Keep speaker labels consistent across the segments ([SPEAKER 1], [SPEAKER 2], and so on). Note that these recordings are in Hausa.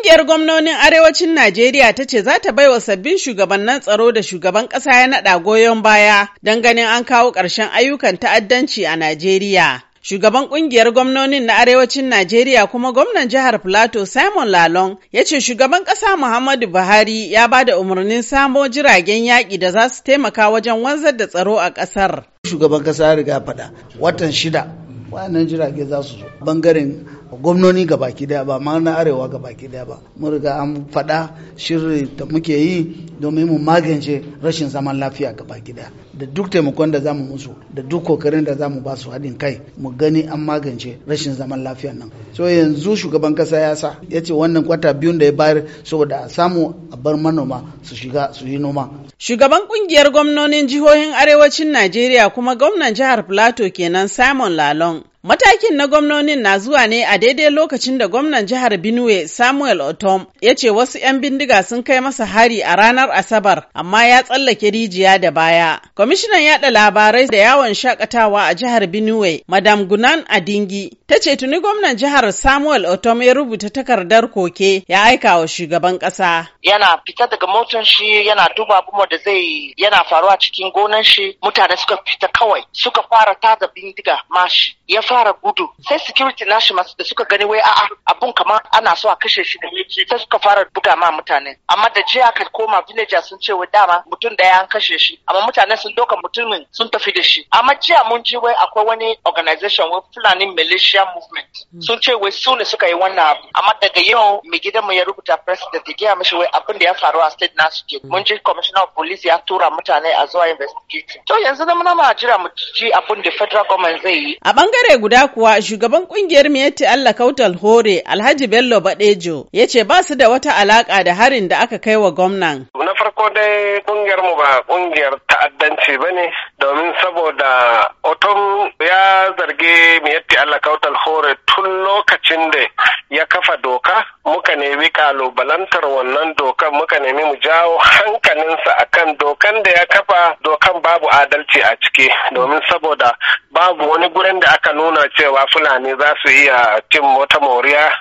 [SPEAKER 1] Ƙungiyar gwamnonin Arewacin Najeriya ta ce za ta baiwa sabbin shugabannin tsaro da shugaban ƙasa ya naɗa goyon baya don ganin an kawo ƙarshen ayyukan ta'addanci a Najeriya. Shugaban ƙungiyar gwamnonin na Arewacin Najeriya kuma gwamnan jihar Plateau Simon Lalong ya ce shugaban ƙasa Muhammadu Buhari ya ba da umarnin samo jiragen yaƙi
[SPEAKER 2] da za su taimaka wajen wanzar da tsaro a ƙasar. Shugaban ƙasa ya riga faɗa watan shida wannan jirage za su zo bangaren gwamnoni ga baki daya ba ma na arewa ga baki daya ba mun riga an faɗa shirin da muke yi domin mu magance rashin zaman lafiya ga baki daya da duk taimakon da zamu musu da duk kokarin da zamu ba su haɗin kai mu gani an magance rashin zaman lafiya nan so yanzu shugaban kasa ya sa ya ce wannan kwata biyun da ya bayar saboda a samu a bar manoma su shiga su yi noma shugaban
[SPEAKER 1] kungiyar gwamnonin jihohin arewacin najeriya kuma gwamnan jihar plateau kenan simon lalong Matakin na gwamnonin na zuwa ne a daidai lokacin da gwamnan jihar Benue Samuel Otom ya ce wasu 'yan bindiga sun kai masa hari a ranar Asabar amma ya tsallake rijiya da baya. Kwamishinan yada labarai da yawon shakatawa a jihar Benue, Madam Gunan Adingi, ta ce tuni gwamnan jihar Samuel Otom ya rubuta takardar koke ya aika wa shugaban kasa.
[SPEAKER 3] Yana fita daga motan shi yana duba abubuwan da zai yana faruwa cikin gonan shi mutane suka fita kawai suka fara tada bindiga mashi fara gudu sai security nashi masu da suka gani wai a'a abun kamar ana so a kashe shi sai suka fara buga ma mutane amma da jiya aka koma villager sun ce wai dama mutum ya an kashe shi amma mutane sun doka mutumin sun tafi da shi amma jiya mun ji wai akwai wani organization wai Fulani Militia Movement hmm. sun ce wai su ne suka yi wannan abu amma daga yau mai gidan mu ya rubuta president ya gaya mishi wai abin da ya faru a state nasu ke mun ji commissioner of police ya tura mutane a zuwa investigating to yanzu da muna ma jira mu ji abin da federal government zai yi
[SPEAKER 4] a
[SPEAKER 1] bangare guda kuwa shugaban kungiyar Miyetti Allah Kautal Hore Alhaji Bello Badejo ya ce ba su da wata alaka da harin da aka kai wa gwamnan.
[SPEAKER 4] farko dai kungiyar mu ba kungiyar ta'addanci ba ne domin saboda otom ya zargi miyatti Allah kautal hore tun lokacin da ya kafa doka muka nemi kalubalantar wannan dokan muka nemi mu jawo hankalinsa kan dokan da ya kafa dokan babu adalci a ciki domin saboda babu wani gurin da aka nuna cewa fulani za su iya cin wata moriya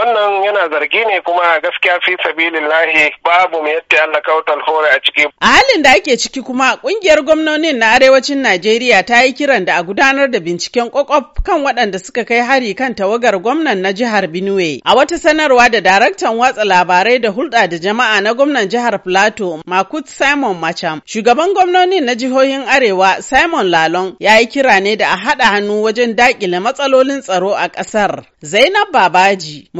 [SPEAKER 4] wannan yana zargi ne kuma gaskiya fi sabilillahi babu mai yadda Allah kautal hore a ciki
[SPEAKER 1] a halin da ake ciki kuma kungiyar gwamnonin na arewacin Najeriya ta yi kiran da a gudanar da binciken kokof kan waɗanda suka kai hari kan tawagar gwamnan na jihar Benue a wata sanarwa da daraktan watsa labarai da hulɗa da jama'a na gwamnan jihar Plateau Makut Simon Macham shugaban gwamnonin na jihohin arewa Simon lalon ya yi kira ne da a haɗa hannu wajen daƙile matsalolin tsaro a ƙasar Zainab Babaji